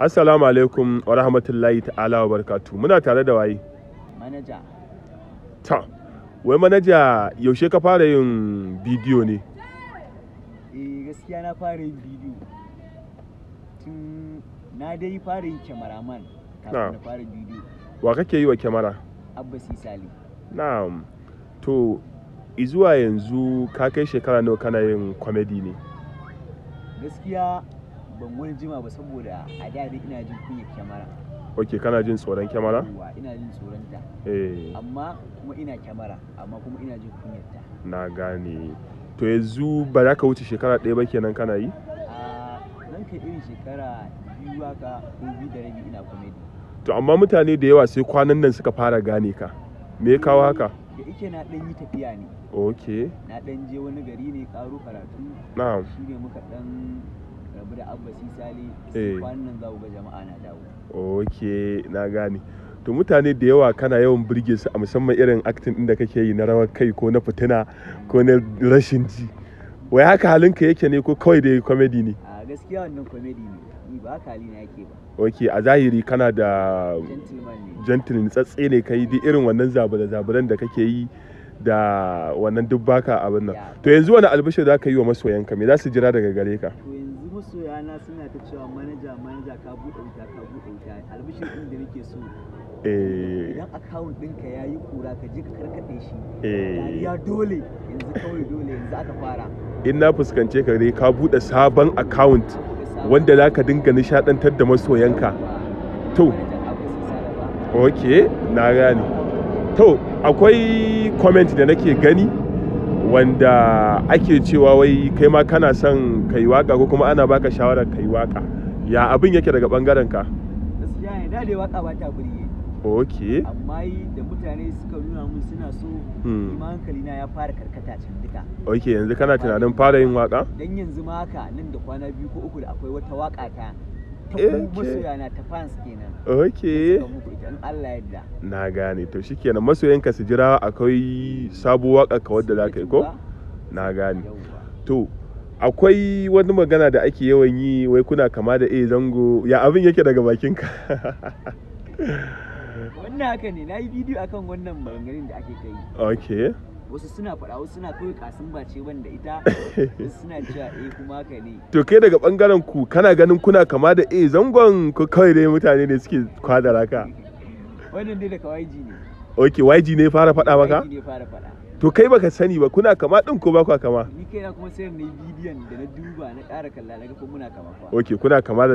Assalamu alaikum wa rahmatullahi ta'ala wa barkatu. Muna tare da waye? Manaja. Ta. Wai manaja yaushe ka fara yin bidiyo ne? Eh gaskiya na fara yin bidiyo. Tun na dai fara yin cameraman kafin na fara bidiyo. Wa kake yi wa kyamara? Abba sali Na'am. To izuwa yanzu ka kai shekara nawa kana yin comedy ne? Gaskiya ban wani jima ba saboda a da ina jin kunya kyamara ok kana jin tsoron kyamara? ina jin tsoron ta eh. amma kuma ina kyamara amma kuma ina jin kunya ta na gane to yanzu ba za ka wuce shekara ɗaya ba kenan kana yi? nan ah, ka irin shekara biyu haka ko biyu da rabi ina komedi to amma mutane da yawa sai kwanan nan suka fara gane ka me ya kawo haka? da ike na ɗan yi tafiya ne ok na ɗan je wani gari ne ƙaro karatu na'am shi ne muka ɗan rabu da abba eh. za ga jama'a na dawo ok na gane to mutane da yawa kana yawan birge su a musamman irin acting inda da kake yi na rawar kai ko na fitina ko na rashin ji wai haka halinka yake ne ko kawai da comedy ne a gaskiya wannan comedy ne ba haka halina yake ba ok a zahiri kana da gentleman tsatse ne kai duk irin wannan zabura-zaburan da kake yi da wannan duk baka abin nan to yanzu wani albishir za ka yi wa masoyanka me za su jira daga gare ka masoyana suna ta cewa manaja manaja ka buɗe wuta ka buɗe wuta albishin ɗin da nake so eh. idan akawun ɗinka ya yi kura ka ji ka karkaɗe shi eh. ya dole yanzu kawai dole yanzu aka fara in na fuskance ka dai ka buɗe sabon akawunt wanda za ka dinga nishaɗantar da masoyanka to ok na gane to akwai comment da nake gani wanda ake cewa wai kai ma kana son kai waka ko kuma ana baka shawarar ka waka ya abin yake daga bangaren ka gaskiya ne da waka ba ta burge oke amma da mutane suka nuna mun suna so hmm. Iman hankali na ya fara karkata can duka Oke, yanzu kana tunanin fara yin waka dan yanzu ma haka nan da kwana biyu ko uku da akwai wata waka ta masoya na ta fans kenan okay na gane to shikenan masoyanka su jira akwai sabuwar waka ka wadda zaka yi ko na gane to akwai wani magana da ake yawan yi wai kuna kama da a eh, zango ya abin yake daga bakinka wannan haka ne na yi bidiyo akan wannan maganganun da ake kai okay wasu suna faɗa wasu suna kawai kasin bace wanda ita wasu suna cewa eh kuma haka ne to kai daga bangaren ku kana ganin kuna kama da eh zangon ku kawai dai mutane ne suke kwadara ka wannan dai daga YG ne ok YG ne fara faɗa maka YG ne fara faɗa to kai baka sani ba kuna kama din ko baka kama ni kai na kuma sai na bidiyon da na duba na ƙara kalla na ga kuma muna kama fa. ok kuna kama da